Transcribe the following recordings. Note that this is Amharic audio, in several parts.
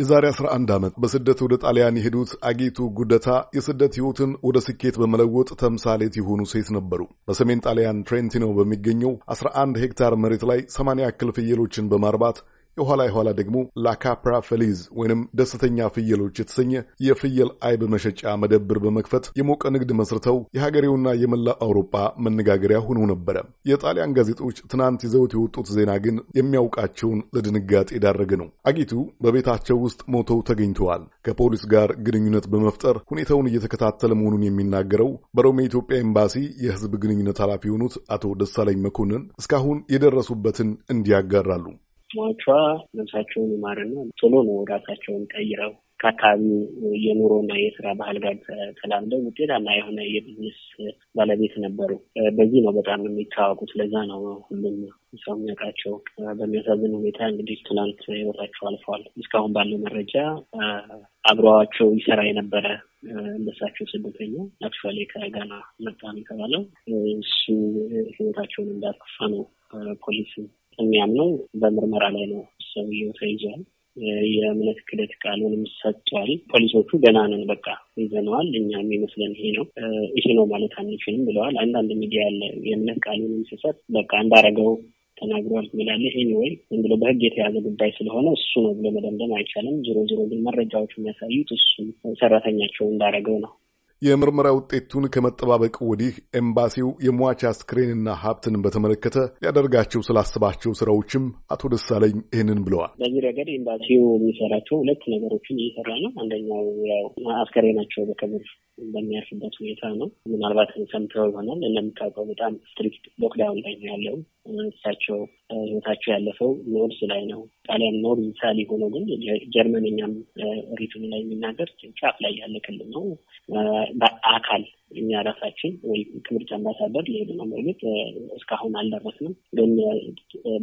የዛሬ 11 ዓመት በስደት ወደ ጣሊያን የሄዱት አጊቱ ጉደታ የስደት ሕይወትን ወደ ስኬት በመለወጥ ተምሳሌት የሆኑ ሴት ነበሩ። በሰሜን ጣሊያን ትሬንቲኖ በሚገኘው 11 ሄክታር መሬት ላይ 80 ያክል ፍየሎችን በማርባት የኋላ የኋላ ደግሞ ላካፕራ ፈሊዝ ወይንም ደስተኛ ፍየሎች የተሰኘ የፍየል አይብ መሸጫ መደብር በመክፈት የሞቀ ንግድ መስርተው የሀገሬውና የመላው አውሮፓ መነጋገሪያ ሆነው ነበረ። የጣሊያን ጋዜጦች ትናንት ይዘውት የወጡት ዜና ግን የሚያውቃቸውን ለድንጋጤ የዳረገ ነው። አጊቱ በቤታቸው ውስጥ ሞተው ተገኝተዋል። ከፖሊስ ጋር ግንኙነት በመፍጠር ሁኔታውን እየተከታተለ መሆኑን የሚናገረው በሮም የኢትዮጵያ ኤምባሲ የህዝብ ግንኙነት ኃላፊ የሆኑት አቶ ደሳለኝ መኮንን እስካሁን የደረሱበትን እንዲያጋራሉ ሟቿ ነብሳቸውን ይማርና ቶሎ ነው ራሳቸውን ቀይረው ከአካባቢው የኑሮና የስራ ባህል ጋር ተላምደው ውጤታማ የሆነ የቢዝነስ ባለቤት ነበሩ። በዚህ ነው በጣም የሚታወቁት። ለዛ ነው ሁሉም ሰው የሚያውቃቸው። በሚያሳዝን ሁኔታ እንግዲህ ትላንት ህይወታቸው አልፈዋል። እስካሁን ባለው መረጃ አብረዋቸው ይሰራ የነበረ እንደሳቸው ስደተኛ አክቹዋሊ ከጋና መጣ ነው የተባለው። እሱ ህይወታቸውን እንዳጠፋ ነው ፖሊስ የሚያምነው። በምርመራ ላይ ነው ሰውየው ተይዟል። የእምነት ክደት ቃሉንም ሰጥቷል። ፖሊሶቹ ገና ነን፣ በቃ ይዘነዋል፣ እኛ የሚመስለን ይሄ ነው ይሄ ነው ማለት አንችልም ብለዋል። አንዳንድ ሚዲያ ያለ የእምነት ቃሉንም ሲሰጥ በቃ እንዳረገው ተናግሯል ትላለህ። ወይ ዝም ብሎ በህግ የተያዘ ጉዳይ ስለሆነ እሱ ነው ብሎ መደምደም አይቻልም። ዞሮ ዞሮ ግን መረጃዎች የሚያሳዩት እሱ ሰራተኛቸው እንዳረገው ነው። የምርመራ ውጤቱን ከመጠባበቅ ወዲህ ኤምባሲው የሟች አስክሬንና ሀብትን በተመለከተ ሊያደርጋቸው ስላስባቸው ስራዎችም አቶ ደሳለኝ ይህንን ብለዋል። በዚህ ረገድ ኤምባሲው የሚሰራቸው ሁለት ነገሮችን እየሰራ ነው። አንደኛው ያው አስክሬናቸው በክብር በሚያርፍበት ሁኔታ ነው። ምናልባት ሰምተው ይሆናል። እንደምታውቀው በጣም ስትሪክት ሎክዳውን ላይ ነው ያለው። እሳቸው ህይወታቸው ያለፈው ኖርዝ ላይ ነው፣ ጣሊያን ኖርዝ ሳሊ ሆኖ ግን ጀርመንኛም ሪቱን ላይ የሚናገር ጫፍ ላይ ያለ ክልል ነው በአካል እኛ ራሳችን ወይ ክብርት አምባሳደር ሊሄድ ነው። በእርግጥ እስካሁን አልደረስንም፣ ግን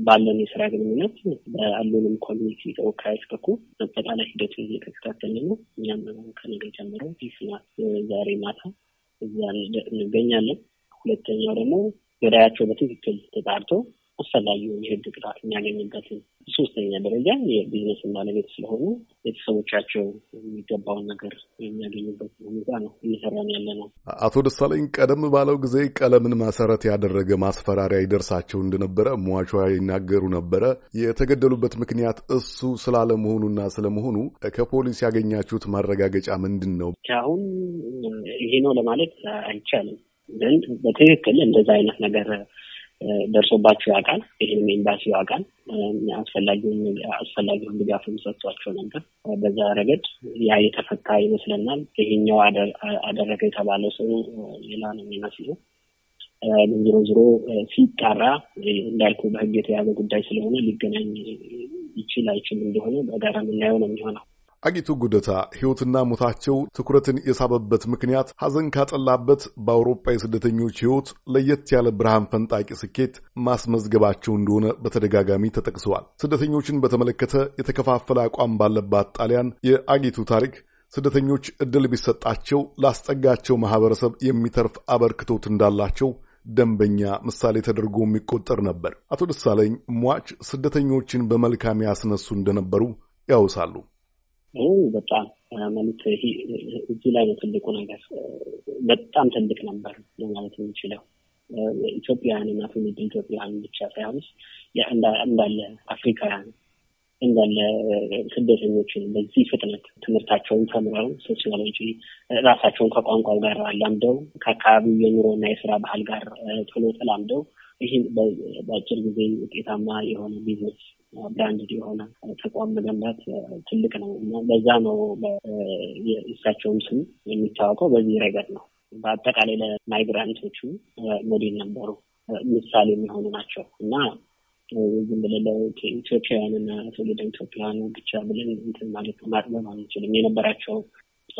ባለን የስራ ግንኙነት በአሉንም ኮሚኒቲ ተወካዮች በኩል አጠቃላይ ሂደቱን እየተከታተልን ነው። እኛም ከነገ ጀምሮ ይስናል ዛሬ ማታ እዛ እንገኛለን። ሁለተኛው ደግሞ ገዳያቸው በትክክል ተጣርቶ አስፈላጊው የህግ ቅጣት የሚያገኝበትን፣ ሶስተኛ ደረጃ የቢዝነስ ባለቤት ስለሆኑ ቤተሰቦቻቸው የሚገባውን ነገር የሚያገኙበት ሁኔታ ነው እየሰራን ያለ ነው። አቶ ደሳለኝ ቀደም ባለው ጊዜ ቀለምን መሰረት ያደረገ ማስፈራሪያ ይደርሳቸው እንደነበረ ሟቿ ይናገሩ ነበረ። የተገደሉበት ምክንያት እሱ ስላለመሆኑና ስለመሆኑ ከፖሊስ ያገኛችሁት ማረጋገጫ ምንድን ነው? አሁን ይሄ ነው ለማለት አይቻልም፣ ግን በትክክል እንደዛ አይነት ነገር ደርሶባቸው ያውቃል። ይህም ኤምባሲ ያውቃል። አስፈላጊውን ድጋፍም ሰጥቷቸው ነበር። በዛ ረገድ ያ የተፈታ ይመስለናል። ይሄኛው አደረገ የተባለው ሰው ሌላ ነው የሚመስለው። ግን ዞሮ ዞሮ ሲጣራ እንዳልኩ በህግ የተያዘ ጉዳይ ስለሆነ ሊገናኝ ይችል አይችል እንደሆነ በጋራ የምናየው ነው የሚሆነው። አጊቱ ጉደታ ሕይወትና ሞታቸው ትኩረትን የሳበበት ምክንያት ሐዘን ካጠላበት በአውሮፓ የስደተኞች ሕይወት ለየት ያለ ብርሃን ፈንጣቂ ስኬት ማስመዝገባቸው እንደሆነ በተደጋጋሚ ተጠቅሰዋል። ስደተኞችን በተመለከተ የተከፋፈለ አቋም ባለባት ጣሊያን የአጊቱ ታሪክ ስደተኞች ዕድል ቢሰጣቸው ላስጠጋቸው ማኅበረሰብ የሚተርፍ አበርክቶት እንዳላቸው ደንበኛ ምሳሌ ተደርጎ የሚቆጠር ነበር። አቶ ደሳለኝ ሟች ስደተኞችን በመልካም ያስነሱ እንደነበሩ ያውሳሉ። ይህም በጣም ማለት እዚህ ላይ ነው ትልቁ ነገር በጣም ትልቅ ነበር ለማለት የሚችለው ኢትዮጵያውያን እና ትውልድ ኢትዮጵያውያን ብቻ ሳይሆን እንዳለ አፍሪካውያን እንዳለ ስደተኞችን በዚህ ፍጥነት ትምህርታቸውን ተምረው ሶሲዮሎጂ ራሳቸውን ከቋንቋው ጋር አላምደው ከአካባቢው የኑሮና የስራ ባህል ጋር ቶሎ ተላምደው ይህን በአጭር ጊዜ ውጤታማ የሆነ ቢዝነስ ብራንድ የሆነ ተቋም መገንባት ትልቅ ነው እና ለዛ ነው የእሳቸውም ስም የሚታወቀው በዚህ ረገድ ነው። በአጠቃላይ ለማይግራንቶቹ ሞዴል ነበሩ፣ ምሳሌ የሚሆኑ ናቸው እና ዝም ብለን ኢትዮጵያውያንና ትውልደ ኢትዮጵያውያኑ ብቻ ብለን እንትን ማለት ማጥበብ አንችልም። የነበራቸው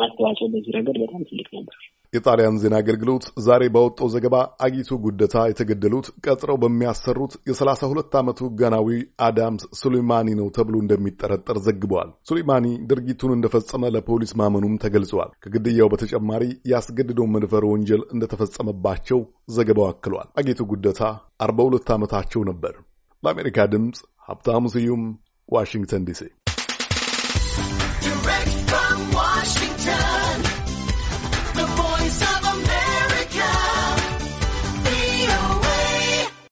አስተዋጽኦ በዚህ ረገድ በጣም ትልቅ ነበር። የጣሊያን ዜና አገልግሎት ዛሬ ባወጣው ዘገባ አጊቱ ጉደታ የተገደሉት ቀጥረው በሚያሰሩት የ32 ዓመቱ ጋናዊ አዳምስ ሱሌማኒ ነው ተብሎ እንደሚጠረጠር ዘግበዋል። ሱሌማኒ ድርጊቱን እንደፈጸመ ለፖሊስ ማመኑም ተገልጸዋል። ከግድያው በተጨማሪ ያስገድደው መድፈር ወንጀል እንደተፈጸመባቸው ዘገባው አክሏል። አጊቱ ጉደታ 42 ዓመታቸው ነበር። ለአሜሪካ ድምፅ ሀብታሙ ስዩም ዋሽንግተን ዲሲ